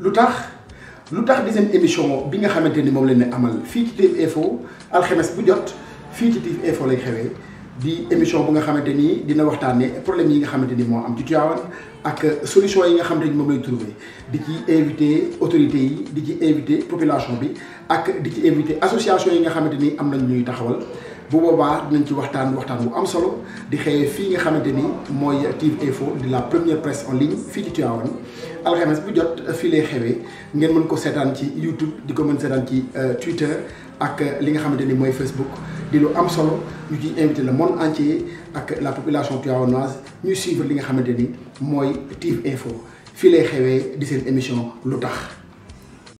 lu tax lu tax di deuxième émission bi nga xamante ni moom la ñu amal fii ci TIV Info alxemes bu jot fii ci TIV Info lay xewee di émission bu nga xamante ni dina waxtaanee problème yi nga xamante ni moo am du Tivaouane ak solution yi nga xamante ni moom lay trouver di ci invité autorité yi di ci invité population bi ak di ci invité association yi nga xamante ni am nañ ñuy taxawal. bu boobaa dinañ ci waxtaan waxtaan bu am solo di xëyee fi nga xamante ni mooy Info di la première presse en ligne fii ci Tivaouane alxames bu jot fii lay xewee ngeen mën ko seetaan ci YouTube di ko mën seetaan ci euh, Twitter ak euh, li nga xamante ni mooy Facebook di lu am solo ñu ci invité le monde entier ak la population tivaouanoise ñu suivre li nga xamante ni mooy Info filé lay xewee di seen émission lu tax